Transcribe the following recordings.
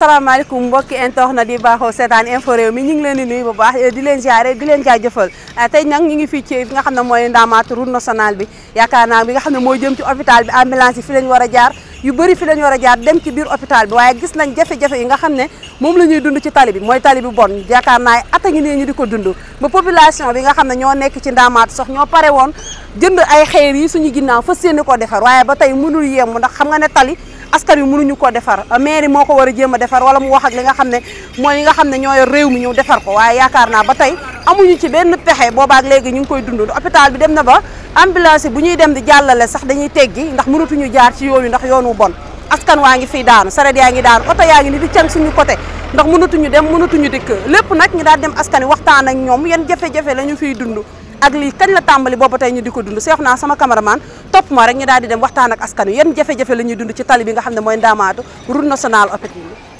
asalaamaaleykum mbokki internet yi baaxoo seetaan info réew mi ñu ngi leen di nuyu bu baax eh, di leen ziare di leen jaajëfal eh, nag ñu ngi fii ci fi nga xam ne mooy ndaamaatu route nationale bi yaakaar naa bi nga xam ne moo jëm ci hôpital bi ambulance yi fi lañ war a jaar yu bëri fi la war a jaar dem ci biir hôpital bi waaye gis nañ jafe-jafe yi nga xam ne moom la ñuy dund ci tali bi mooy tali bi bon yaakaar naa at a ngi ne ñu di ko dund ba population bi nga xam ne ñoo nekk ci ndaamaatu sox ñoo pare woon jënd ay xeer yi suñu ginnaaw fas yéene koo defar waaye ba tey mënul yem ndax nga ne tali askan wi mënuñu koo defar mairie moo ko war a jéem a defar wala mu wax ak li nga xam ne mooy yi nga xam ne ñoo yor réew mi ñëw defar ko waaye yaakaar naa ba tey amuñu ci benn pexe ak légui ñu ngi koy dund hôpital bi dem na ba ambulance bu ñuy dem di jàllale sax dañuy teggi ndax ñu jaar ci yoon yi ndax yoonu bon askan waangi fi daanu saret yaangi daanu auto yaangi ni di cang suñu côté ndax ñu dem ñu dik lepp nak ñu daal dem askan waxtaan ak ñom yeen jafe-jafe lañu fi fiy dund ak li kañ la tambali bobu tay ñu di ko dund cheikh na sama cameraman top ma rek ñu daal di dem waxtaan ak askan yeen jafé jafe-jafe dund ci talibi nga xamne moy ndamaatu route hôpital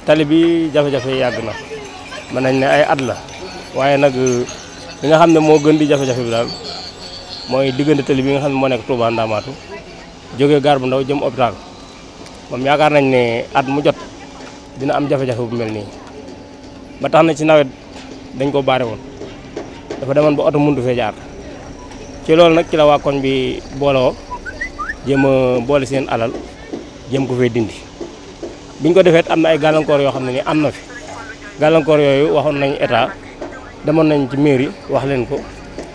tali bi jafe-jafe na manañ ne ay at la li nga xam ne moo gën di jafe-jafe bi daal mooy diggante tali bi nga xam ne moo nekk Touba Ndamaatu jógee gaar bu ndaw jëm hôpital moom yaakaar nañ ne at mu jot dina am jafe-jafe bu mel nii ba tax na ci nawet dañ ko baare woon dafa demoon ba oto mënut fee jaar ci loolu nag ci la waa koñ bi booloo jéem a boole seen alal jéem ko fee dindi biñ ko defeet am na ay gàllankoor yoo xam ne ni am na fi gàllankoor yooyu waxoon nañ état demoon nañ ci mairie wax leen ko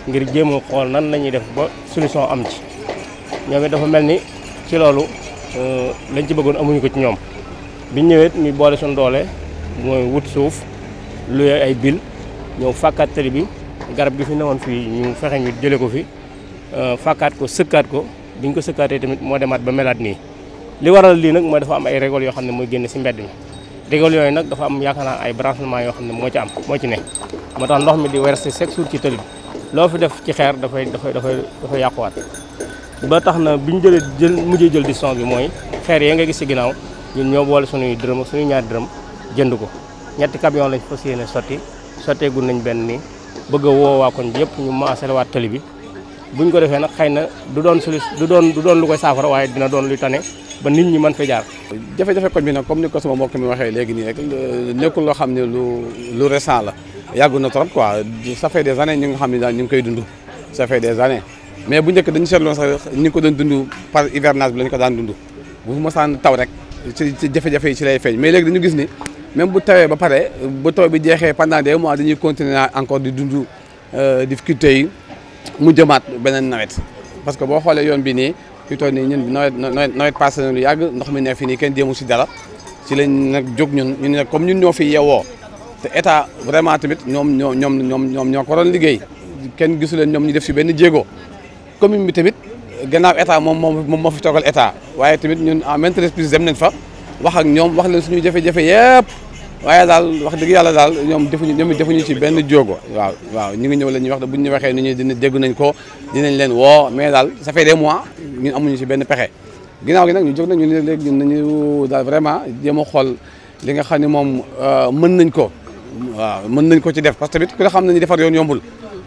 ngir jéem xool nan lañuy def ba solution am ci ñoom it dafa mel ni ci loolu euh, lañ ci bëggoon amuñu ko ci ñoom biñ ñëwee ñu boole suñ doole mooy wut suuf luye ay bil ñëw fàkkaat tali bi garab gi fi newoon fii ñu fexe ñu jële ko fi euh, fàkkaat ko sëkkaat ko biñ ko sëkkaatee tamit moo demaat ba melaat nii li waral lii nag mooy dafa am ay récolte yoo xam ne mooy génn si mbedd mi régal yooyu e nag dafa am yaakaar naa ay branchement yoo xam ne moo ci am moo ci ne moo tax ndox mi di werse chaque jour ci tëli bi loo fi def ci xeer dafay dafay dafay dafay yàquwaat ba tax na bi ñu jëlee jël mujjee jël décision bi mooy xeer ya nga gis ci ginnaaw ñun ñoo boole suñuy dërëm ak suñuy ñaari dërëm jënd ko ñetti camion lañ fas yéene sotti sotteegul nañ benn ni bëgg a woo waa koñ bi yëpp ñu maasalewaat tëli bi buñ ko defee nag xëy na du doon solu doon doon lu koy saafara waaye dina doon luy tane ba nit ñi mën fa jaar. jafe-jafe bi nag comme ni ko sama mbokk mi waxee léegi nii rek nekkul loo xam ne lu lu récent la yàggu na trop quoi ça fait des années ñu nga xam ne daal ñu ngi koy dund des années mais bu njëkk dañu seetloon sax ko doon dund par hivernage bi lañu ko daan dund bu mosaan taw rek ci ci jafe yi ci lay feeñ mais léegi dañu gis ni même bu tawee ba pare bu taw bi jeexee pendant des mois dañuy continuer encore di dund euh, difficulté yi. mu jëmaat beneen nawet parce que boo xoolee yoon bi nii fi toll nii ñun nawet nawet nawet passé na lu yàgg ndox mi ne fi nii kenn jéemu si dara ci lañ nag jóg ñun ñu ne comme ñun ñoo fi yewoo te état vraiment tamit ñoom ñoo ñoom ñoom ñoom ñoo ko doon liggéey kenn gisu leen ñoom ñu def si benn jéego commune bi tamit gannaaw état moom moom moo fi toogal état waaye tamit ñun en maintes dem nañ fa wax ak ñoom wax leen suñu jafe-jafe yëpp. waaye daal wax dëgg yàlla daal ñoom defu ñoom defuñu ci benn jóogo waaw waaw ñu ngi ñëw la ñuy wax buñ ñu waxee ni ñuy dina dégg nañ ko dinañ leen woo mais daal ça fait des mois amuñu ci benn pexe ginnaaw gi nag ñu jóg nañu ñu ne léegi nañu daal vraiment jéem a xool li nga xam ni moom euh, mën nañ ko waaw mën nañ ko ci def parce que tamit ku la xam nañu defar yoon yombul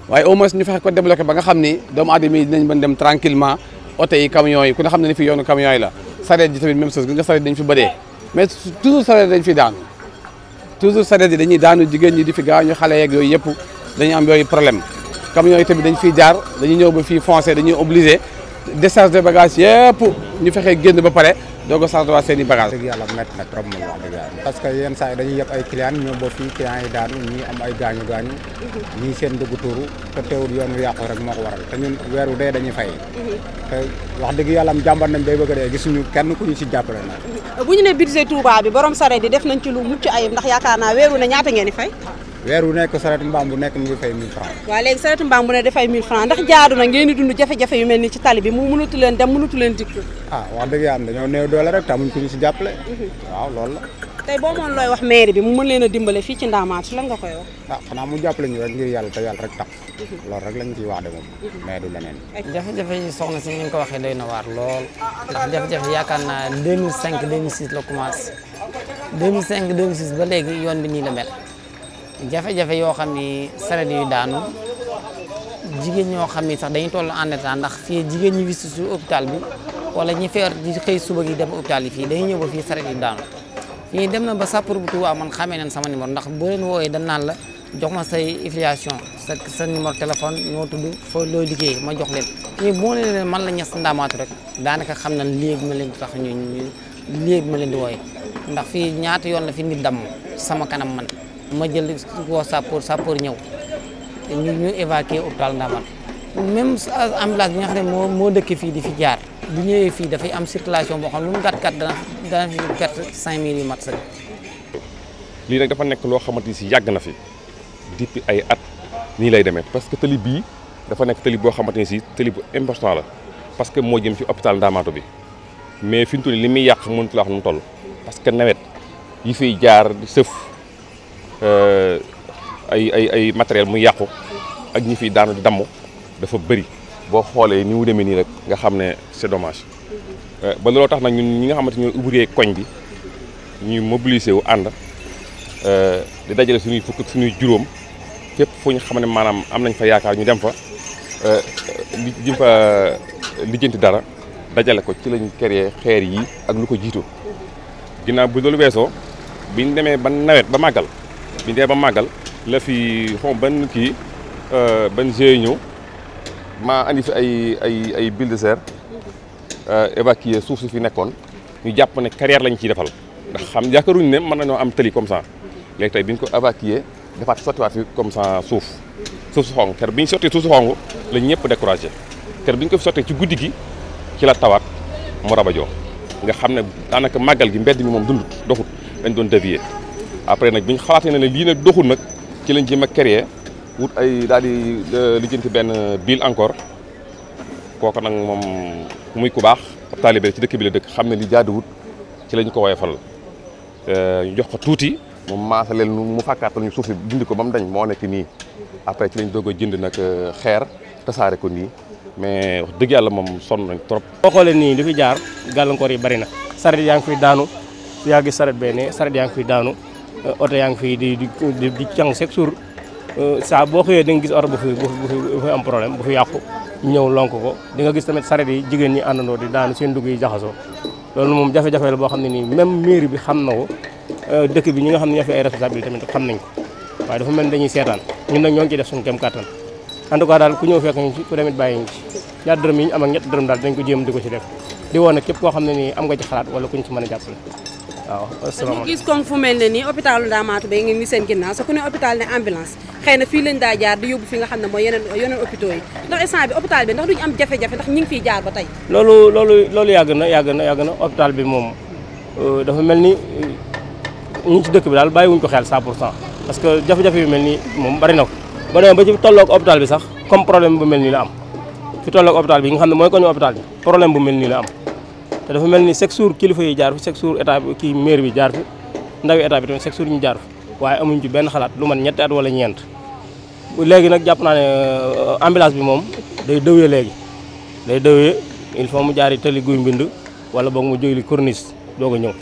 waaye au moins ñu fexe ko débloqué ba nga xam ni doomu aadama yi dinañ mën dem tranquillement oto yi camions yi ku ne xam ne ni fi yoonu camions yi la sareet ji tamit même chose fi bëree toujours sareet yi dañuy daanu jigéen ñi di fi gaañu xale yeeg yooyu yëpp dañuy am yooyu problème camions yi tamit dañ fiy jaar dañu ñëw ba fii foncé dañuy obligé décharge de bagage yëpp ñu fexe génn ba pare doo ko waa seen i bagage parce que yenn saa yi dañuy yëpp ay clients ñoo ba fii clients yi daanu ñii am ay gaañu gaañu ñii seen dugg tuuru te teewul yoon yàqu rek moo ko waral te ñun weeru dee dañuy fay wax dëgg yàlla am jàmbat nañ bay bëgg a dee gisuñu kenn ku ñu ci jàppale na bu ñu ne budget Touba bi borom saret di def nañ ci lu mucc ayib ndax yaakaar naa weeru ne ñaata ngeen di fay weer wu nekk saretu mbaam bu nekk mu ngi fay 1000 francs waaw léegi saretu mbaam bu ne dafay 1000 francs ndax jaadu na ngeen di dund jafe-jafe yu mel ni ci tali mu mënatu leen dem mënatu ah wax dëgg yàlla dañoo néew doole rek tamuñ ko ñu si jàppale mhm. waaw loolu la tey boo wax maire bi mu mën leen dimbale fii ci Ndamatou lan nga koy wax ah xanaa mu jàppale ñu rek ngir yàlla te yàlla rek tax mhm. wax de moom mhm. mais du leneen jafe-jafe yi soxna si ni nga ko waxee doy na waar lool ndax jafe-jafe yaakaar naa 2005 2006 la commencé 2005 2006 ba léegi yoon bi nii la mel jafe-jafe yoo xam ni saret yu daanu jigéen ñoo xam ni sax dañuy toll en état ndax fii jigéen ñi wisu si hôpital bi wala ñi feer di xëy suba gi dem hôpital yi fii dañuy ñëw ba fii saret yu daanu dem na ba sapeur bu Tuubaa man xamee nañ sama numéro ndax boo leen wooyee dañ naan la jox ma say affiliation sa sa numéro téléphone ñoo tudd fa liggéey ma jox leen ñii boo man la ñes ndaamaatu rek daanaka xam na léegi ma leen di tax ñu leen di wooye ndax fii ñaata yoon la fi nit damm sama kanam man ma jël woo sappoor sappoor ñew ñu ñu évacuer hôpital ndamal même ambulance bi nga xam mo mo dëkk fi di fi jaar bu fi da fay am circulation bo xam lu mu gàtt gàtt dana dana fi perte 5000 yu mat sax. lii nag dafa nek lo xamante ci yag na fi depuis ay at ni lay démé parce que tali bi dafa nek tali bo xamante ci si tali bu important la parce que mo jëm ci hôpital ndamato bi mais fiñ tuli limi yak mën yàq wax nu toll parce que nawet yi fiy jaar di Euh, ay ay ay matériel mu yàqu ak ñi fi daanu di dafa bëri boo xoolee ni mu demee nii rek nga xam ne c'est euh, ba looloo tax nag ñu ñi nga xamante ñooy ouvrier koñ bi ñuy mobiliser wu ànd euh, di dajale suñuy fukk suñuy juróom fépp foo ñu xam ne maanaam am nañ fa yaakaar ñu dem fa li jëm fa dara dajale ko ci lañu créé xeer yi ak lu ko jiitu ginnaaw bu loolu weesoo biñ demee ba nawet ba màggal bi ndee ba màggal lafi fi ban kii euh, ban GIE ñëw maa andi fi ay ay ay bulldozer euh, évacuer suuf su fi nekkoon ñu jàpp ne carrière lañ ciy defal ndax xam yaakaaruñu ne mën nañoo am tëli comme ça léegi tey bi ñu ko évacuer defaat sottiwaat fi comme ça suuf suuf su xong ker bi ñu sottee suuf su xong la ñëpp découragé te bi ñu ko fi sottee ci guddi gi ci la tawaat mu raba joo nga xam ne daanaka màggal gi mbedd mi moom dundut doxut dañ doon dévier après nag bi ñu xalaatee ne lii nag doxul nag ci lañ ci ma wut ay daal di lijjanti benn bill encore kooku nag moom muy ku baax taalibe ci dëkk bi la dëkk xam ne li jaaduwut ci lañ ko woyofal euh, ñu jox ko tuuti mu maasaleel nu mu fàkkaatal ñu suuf si dindi ko ba mu dañ moo nekk nii après ci lañ doog a jënd nag euh, xeer tasaare ko nii mais wax dëgg yàlla moom sonn nañ trop. boo xoolee nii li fi jaar gàllankoor yi bari na. saret yaa ngi fiy daanu yaa gis saret ne saret yaa ngi daanu. Eh, oto yang ngi di di di càng chaque jour eh, saa boo xëyee di nga gis oto bu fi bu fi am problème bu fi yàqu ñëw lonk ko di nga gis tamit saret yi jigen ni àndandoo di daanu seen dug yi jaxaso loolu mom jafé jafé la bo xamni ni même mairie bi xam na ko eh, dëkk bi ñi nga xamni ne fi ay responsable tamit xam nañ ko waaye dafa mel dañuy sétan ñun nak ñoo ngi def suñu kem katan en tout cas dal ku ñew fekk ñu ci ku demit bayyi ñu ci ñaar dërëm yi ñu am ak ñet dërëm dal dañ ko jëm di ko ci def di woo nag képp koo xam ne nii am nga ci xalaat wala ku ñu ci mën a jàppale waaw asalaamaaleykum ñu gis kon fu mel ne nii hôpitalu Ndaamaatu Bey ngeen ngi seen ginnaaw sa ku ne hôpital ne ambulance xëy fii leen daa jaar di yóbbu fi nga xam ne mooy yeneen yeneen hôpitaux yi ndax instant bi hôpital bi ndax duñu am jafe-jafe ndax ñu loolu loolu yàgg na yàgg na yàgg na hôpital bi moom euh, dafa mel ni euh, ñi ci dëkk bi daal bàyyiwuñ ko xel 100 pour cent que jafe yu mel nii moom bari na ko ba demee ba bi sax comme problème bu mel nii la am fi tolloog hôpital bi nga xam ne mooy ko ñu hôpital bi problème bu mel nii la am te dafa mel ni chaque jour kilifa yi jaar fi chaque jour ki bi bi jaar fi ndawi état bi tamit chaque jour ñu jaar fi waaye amuñ ci benn xalaat lu man ñetti at wala ñeent léegi nag jàpp naa ne euh, ambulance bi moom day dëwee léegi day dëwee il faut mu jaari tali guy mbind wala boog mu jógli corniche doo a ñëw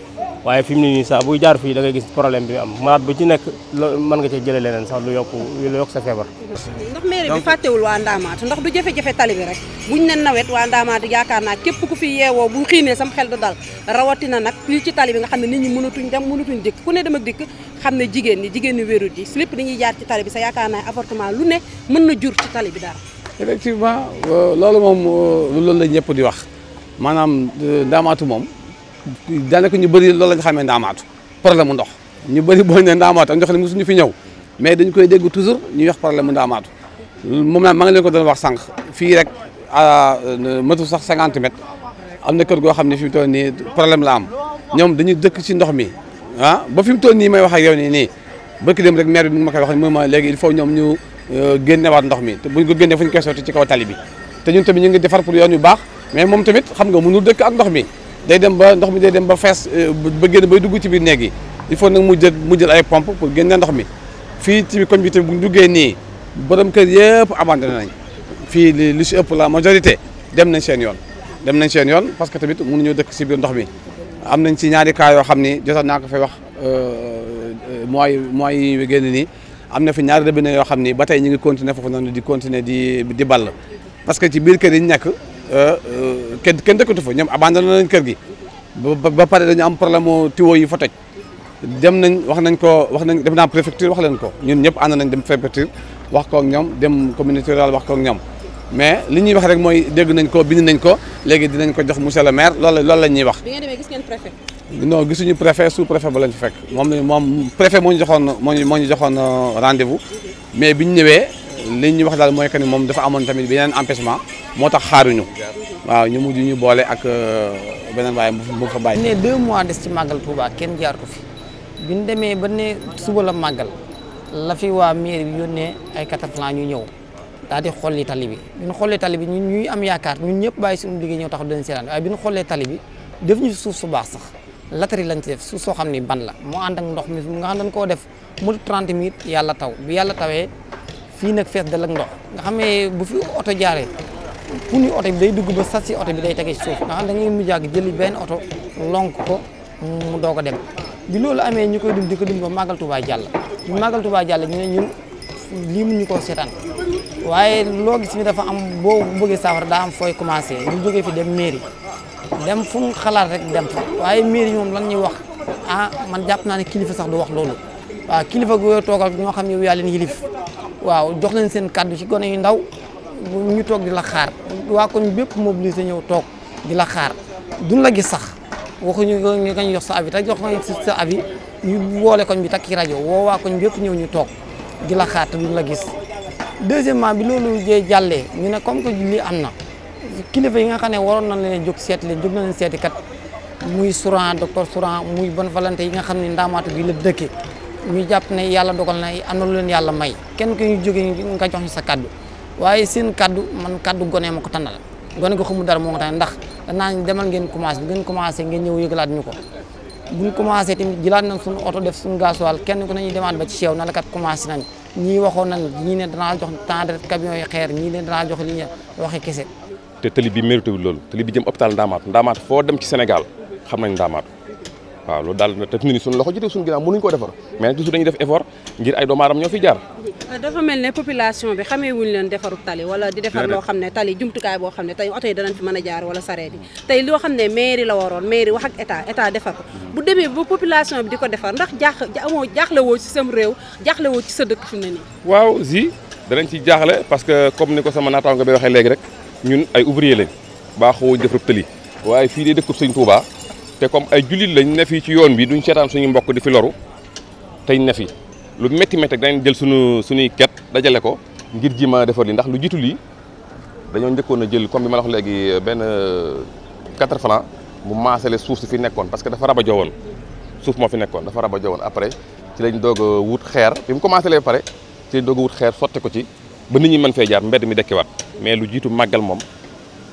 waaye fi mu ne nii sax buy jaar fii da ngay gis problème bi am malade bu ci nekk mën nga cee jëlee leneen sax lu yokk lu yokk sa feebar. ndax mairie bi fàttewul waa Ndaamaatu ndax du jafe-jafe tali bi rek buñ ne nawet waa Ndaamaatu yaakaar naa képp ku fi yeewoo bu xiinee sam xel du dal rawatina nag lii ci tali bi nga xam ne nit ñi mënatuñ dem mënatuñ dikk ku ne dem ak dikk xam ne jigéen ñi jigéen ñi wéru ji lépp dañuy jaar ci tali sa yaakaar naa avortement lu ne mën na jur tali bi dara. effectivement euh, loolu moom euh, loolu la ñëpp di wax maanaam euh, Ndaamaatu moom daanaka ñu bëri loolu la ñu xamee ndaamaatu problème mu ndox ñu bëri boo ne ndaamaatu ak ndox mi mosuñu fi ñëw mais dañ koy dégg toujours ñuy wax problème mu ndaamaatu moom laa ma ko doon wax sànq fii rek euh, matu sax cinquante mètres am na kër goo xam ne fi mu toll nii problème la am ñoom dañuy dëkk ci ndox mi ah ba fi mu toll nii may wax ak yow nii nii bëkk dem rek maire bi mu ma koy wax moom ma léegi il ñoom ñu euh, génnewaat ndox mi te buñ ko génnee fu ñu ci kaw tali bi te ñun tamit ñu ngi defar pour yoon yu baax mais moom tamit xam nga mënul dëkk ak ndox mi day dem ba ndox mi day dem ba fees euh, ba génn bay dugg ci biir néeg yi il faut nag mu jël mu jël ay pompe pour génne ndox mi fi ci biir koñ bi tamit bu ñu duggee nii borom kër yëpp abandonné nañ fii li li si ëpp la majorité dem nañ seen yoon dem nañ seen yoon parce que tamit mun mënuñoo dëkk si biir ndox mi am nañ ci ñaari cas yoo xam ni jotoon naa ko fay wax euh, euh, mois yi mois yi nii am na fi ñaari robinet yoo xam ni ba tey ñu ngi continuer foofu noonu di continuer di di parce que ci biir kër yi ñu kenn kenn dëkkatu fa ñoom abandonné nañ kër gi ba pare dañu am problème mu tiwo yi fa toj dem nañ wax nañ ko wax nañ dem naa préfecture wax leen ko ñun ñëpp ànd nañ dem préfecture wax ko ñoom dem communauté rurale wax kook ñoom mais li ñuy wax rek mooy dégg nañ ko bind nañ ko léegi dinañ ko jox monsieur le maire loolu loolu la ñuy wax. bi ngeen demee gis ngeen préfet. gisuñu préfet sous préfet ba lañ fa fekk moom la moom préfet moo ñu joxoon moo ñu moo ñu joxoon euh, rendez-vous mais biñ ñëwee. li ñu wax daal mooy que ni moom dafa amoon tamit beneen empêchement moo tax xaaruñu waaw ñu mujj ñu boole ak euh, beneen waaye bu fa bàyyi. ne deux mois des ci màggal Touba kenn jaar ko fi bi ñu demee ba ne suba la màggal la fi waa mairie bi yónnee ay cataplan ñu ñëw daal di xolli tali bi bi ñu xollee tali bi ñun ñuy am yaakaar ñun ñëpp bàyyi suñu liggéey ñëw taxaw dinañ seetaan waaye bi ñu xollee tali bi def ñu suuf su baax sax latari lañ ci def suuf soo xam ni ban la moo ànd ak ndox mi nga xam dañ koo def mu 30 minutes yàlla taw bi yàlla tawee. fii nag fees dal ak ndox nga xam ne bu fi oto jaaree pour ñu oto bi day dugg ba sas si oto bi day tege ci suuf nga xam da ngay mujj ak jëli oto lonk ko mu doog a dem bi loolu amee ñu koy di ko dum ba màggal Tuubaa jàll ñu màggal Tuubaa ñu ne ñun lii mun ñu koo waaye loo gis ni dafa am boo bëggee saafara daa am fooy commencé ñu fi dem mairie dem fu xalaat rek dem fa waaye mairie moom lan ñuy wax ah man jàpp naa ne kilifa sax du wax loolu waaw kilifa gu toogal ñoo xam ne yow yaa leen yilif waaw jox leen seen kàddu ci gone yu ndaw ñu toog di la xaar waa koñ bépp mobilisé ñëw toog di la xaar duñ la gis sax waxuñu ñu nga ñu jox sa avis te jox nañ sa avis ñu woole koñ bi takki rajo woo bépp ñëw ñu toog di la xaar te duñ la gis. deuxièmement bi loolu jee jàllee ñu ne comme que lii am na kilifa yi nga xam ne waroon na leen jog seeti leen jóg na leen seeti kat muy Souran docteur Souran muy bonne volonté yi nga xam ne ndaamaatu gi la dëkke ñu jàpp ne yàlla dogal na am na leen yàlla may kenn ku ñu jóge nga jox ñu sa kaddu waaye seen kaddu man kaddu gone ma ko tànnal gone ko xamu dara moo ko tànnal ndax danaañ demal ngeen commencé bu ngeen commencé ngeen ñëw laa ñu ko buñ commencé tamit jëlaat nañ suñu oto def suñu gasoil kenn ku nañuy demaat ba ci seew na la kat commencé nañ ñii waxoon nañ ñii ne danaa jox temps de camion yi xeer ñii ne danaa jox li ñu waxe kese te tëli bi mérité wul loolu tëli bi jëm hôpital ndaamaatu ndaamaatu foo dem Sénégal xam nañ ndaamaatu waaw loolu daal na te fi mu ne nii suñu loxo jotee suñu ginnaaw mënuñu ko defar mais nag toujours dañuy def effort ngir ay doomu ñoo fi jaar. dafa mel ne population bi xamee wuñu leen defaru tali wala di defar loo xam ne tali jumtukaay boo xam ne tey oto yi a jaar wala sareet tey loo xam ne mairie la waroon mairie wax ak bu demee ba population bi di ko defar ndax jaax amoo jaaxle woo ci sam réew jaaxle woo ci sa dëkk fi mu ne nii waaw si danañ ci jaaxle parce que comme ni ko sama naataango bi waxee léegi rek ñun ay ouvrier lañ baaxoo def rëb tali waaye fii dee dëkkub sëñ Touba te comme ay jullit lañ ne ci yoon bi duñ seetaan suñu mbokk di fi loru tey ne fi lu métti métti danañ jël suñu suñuy ket dajale ko ngir ji ma defar li ndax lu jiitu lii dañoo njëkkoon a jël comme bi ma la wax léegi benn 4 francs mu maasale suuf si fi nekkoon parce que dafa raba woon suuf moo fi nekkoon dafa raba jowoon après ci lañ doog wut xeer bi mu commencé lee pare ci lañ doog a wut xeer sotte ko ci ba nit ñi mën fee jaar mbedd mi dekkiwaat mais lu jiitu màggal moom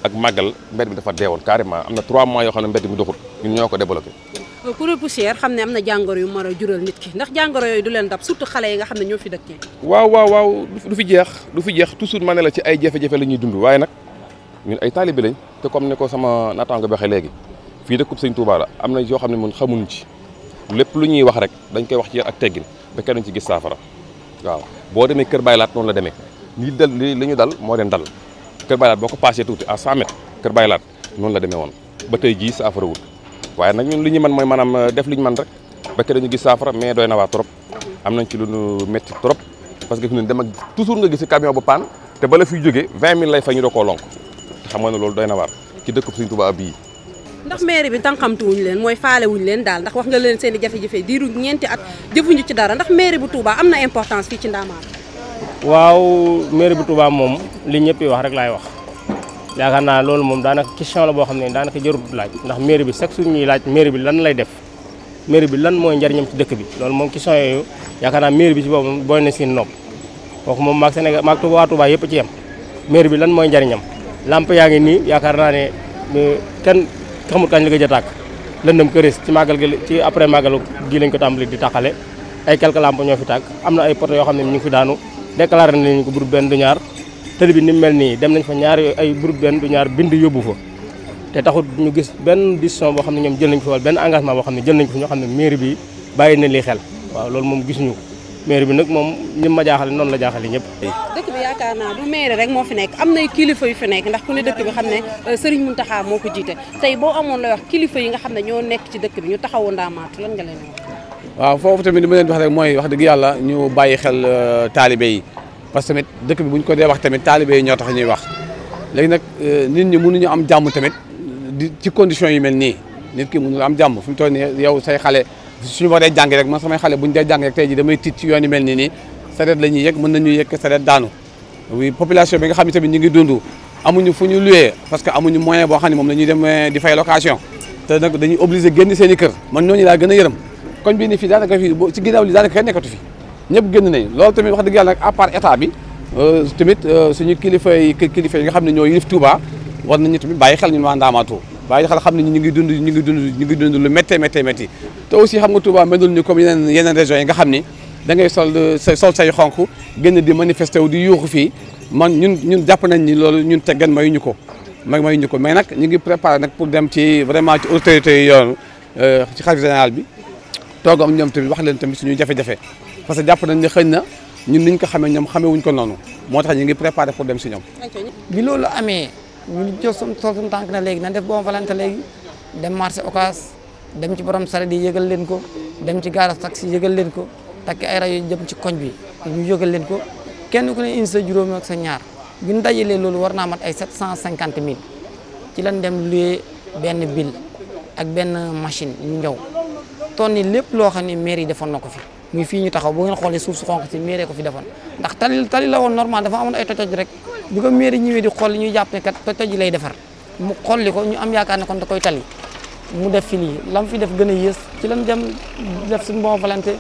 ak màggal mbedd mi dafa deewoon carrément am na 3 mois yoo xam ne mbedd mi doxul ñun ñoo ko développé. Euh, kuréel poussière xam ne am na jàngoro yu mar a jural nit ki ndax jàngoro yooyu du leen dab surtout xale yi nga xam ne ñoo fi dëkkee. waaw fi jeex du fi jeex toujours ma ne la ci ay jafe la ñuy dund waaye nag ñun ay taalibe lañ te comme ni ko sama naataango bi waxee léegi fii dëkkub sëñ Touba la am na yoo xam ne mun xamuñu ci lépp lu ñuy wax rek dañ koy wax ci ak teggin ba kenn ci gis saafara waaw boo demee Kër laat noonu la demee li dal li ñu dal moo leen dal Kër Baylaat boo ko passé tuuti à 100 mètres Kër Baylaat noonu la demee woon ba tey jii saafara wut waaye nag ñun li ñu mën mooy maanaam euh, def li ñu mën rek ba ke dañu gis saafara mais doy na waa trop am nañ ci lu ñu métti trop parce que fi ñun dem ak toujours nga gis camion bu paan te bala fiy jógee 20000 lay fay ñu doo koo lonk te xam nga ne loolu doy na waar ci dëkk Sëñ Tuubaa bii ndax maire bi leen mooy wuñ leen daal ndax wax nga leen seeni i jafe-jafe diiru ñeenti at jëfuñu ci dara ndax maire bu Touba am na importance fii ci Ndamatou waaw mairie bi Touba mom li ñëpp wax rek lay wax yaakaar naa loolu moom daanaka question la boo xam ne daanaka jarut laaj ndax mairie bi chaque suñu ñuy laaj mairie bi lan lay def mairie bi lan mooy njariñam ci dëkk bi loolu moom question yooyu yaakaar naa mairie bi ci boobu booy na seen nopp kooku moom maag Sénégal maag Touba waa Touba yëpp ci yam mairie bi lan mooy njariñam lamp yaa ngi nii yaakaar naa ne kenn xamut kañ la ko jëtaak lëndëm këris ci màggal gi ci après màggal gi lañ ko tàmbali di taxale ay quelques lampes ñoo fi tàkk am na ay poto yoo xam ne ñu fi daanu déclaré nañ ko groupe benn du ñaar ni mel nii dem nañ fa ñaari ay groupe benn du ñaar bind yóbbu fa te taxut ñu gis benn décision boo xam ne ñoom jël nañ ko wala benn engagement boo xam ne jël nañ ko ñoo ne mairie bi bàyyi na lii xel waaw loolu moom gisuñu ko bi nag moom ñi ma jaaxale noonu la jaaxale ñëpp. dëkk bi yaakaar naa du mairie rek moo fi nekk am nay kilifa yu fi nekk ndax ku ne dëkk bi xam ne euh, Serigne Mountakha moo ko jiite tey boo amoon lay wax kilifa yi nga xam ne ñoo nekk ci dëkk bi ñu taxawu ndaamaatu lan nga leen waaw foofu tamit li ma leen wax rek mooy wax dëgg yàlla ñu bàyyi xel taalibe yi parce que tamit dëkk bi bu ñu ko dee wax tamit taalibe yi ñoo tax ñuy wax léegi nag nit ñi mënuñu am jàmm tamit di ci conditions yu mel nii nit ki mënul am jàmm fi mu toll nii yow say xale suñu waree jàng rek man samay xale bu ñu dee jàng rek tey ji damay tiit ci yoon yu mel nii nii sareet la ñuy yëg mën nañu yëg sareet daanu oui population bi nga xam ne tamit ñu ngi dund amuñu fu ñu loué parce que amuñu moyen boo xam ne moom la ñuy dem di fay location te nag dañuy obligé génn seen i kër man ñooñu laa gën a yërëm koñ bi ni fii daanaka fii ci ginnaaw li daanaka kenn nekkatu fi ñëpp génn nañ loolu tamit wax dëgg yàlla nag à part état bi euh, tamit euh, suñu kilifa yi kilifa yi nga xam ne ñoo yilif Touba war nañu tamit bàyyi xel ñun waa Ndamatou bàyyi xel xam ñu ngi dund ñu ngi dund ñu ngi dund lu méttee méttee métti te aussi xam nga Touba melul ni comme yeneen nga xam ni da ngay sol sol say xonk génn di manifester wu di yuuxu fii man ñun ñun jàpp nañ ni loolu ñun teggan mayuñu ko may mayuñu ko mais nag ñu ngi préparé nag pour dem ci vraiment ci autorité yi yoonu euh, ci xalifa général bi toog ak ñoom tamit wax leen tamit suñuy jafe-jafe parce que jàpp nañ ne xëy na ñun niñ ko xamee ñoom xamee wuñ ko noonu moo tax ñu ngi préparé pour dem si ñoom. bi loolu amee ñu jox suñu suñu tànk na léegi nañ def bon valantin léegi dem marché Ocass dem ci borom saret yi yëgal leen ko dem ci garage taxi yëgal leen ko takk ay rajo jëm ci koñ bi ñu yëgal leen ko kenn ku ne indi sa juróom ak sa ñaar bi ñu dajalee loolu war naa mat ay cinquante mille ci lañ dem loué benn bill ak benn machine ñu tonni lépp loo xam ne mairie defoon na ko fi muy fii ñu taxaw bu ngeen xoolee suuf su xonq si mairie ko fi defoon ndax tali tali la woon normal dafa amoon ay toj-toj rek bi ko mairie xool ñuy ko ñu am yaakaar ne kon da koy tali mu def fi lii lam fi def gën a yées ci lan dem def suñu bon volonté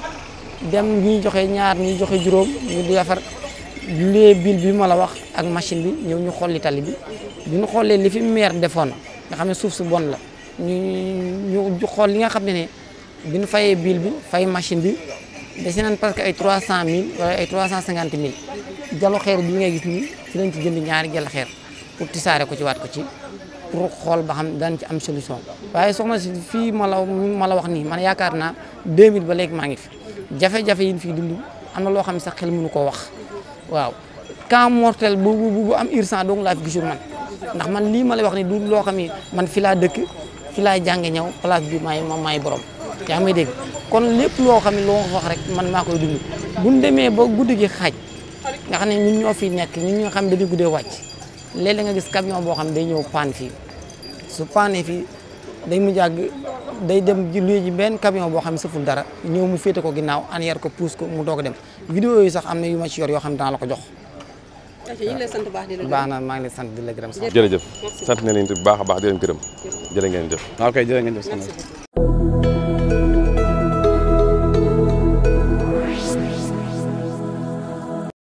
dem ñuy joxe ñaar ñuy joxe juróom ñu di defar lee bil bi ma la wax ak machine bi ñëw ñu xolli tali bi bi ñu xoolee li fi maire defoon nga xam ne suuf su bon la li nga xam ne ne bi fayé fayee bill bi fay machine bi dese nañ parce que ay 300000 wala ay 350000 jalo xeer bi ngay gis ni ci lañ ci jënd ñaari jël xeer pour tisaré ko ci wat ko ci pour xol ba xam dañ ci am solution waye soxna ci fi mala mala wax ni man yakarna 2000 ba lék ma ngi fi jafé jafé yiñ fi dund amna lo xam sax xel mënu ko wax waw ka mortel bu bu bu am urgence donc la fi gisul man ndax man li mala wax ni du lo xam ni man fi la dëkk fi la jàngé ñaw place bi maay may borom yaa may dégg kon lépp loo xam ne loo wax rek man maa koy dund buñ demee ba guddi gi xaj nga xam ne ñun ñoo fi nekk ñun ñoo xam ne dañuy guddee wàcc léeg-léeg nga gis camion boo xam ne day ñëw paan fii su paanee fii day mu jàgg day dem luy benn camion boo xam ne sëful dara ñëw mu féete ko ginnaaw an yar ko puus ko mu doog a dem vidéo yi sax am na yu ma ci yor yoo xam ne dana la ko jox baax na maa ngi lay sant di la gërëm jërëjëf sant nañ leen bu baax a baax di leen gërëm jërë ngeen jëf waaw kay jërë ngeen jëf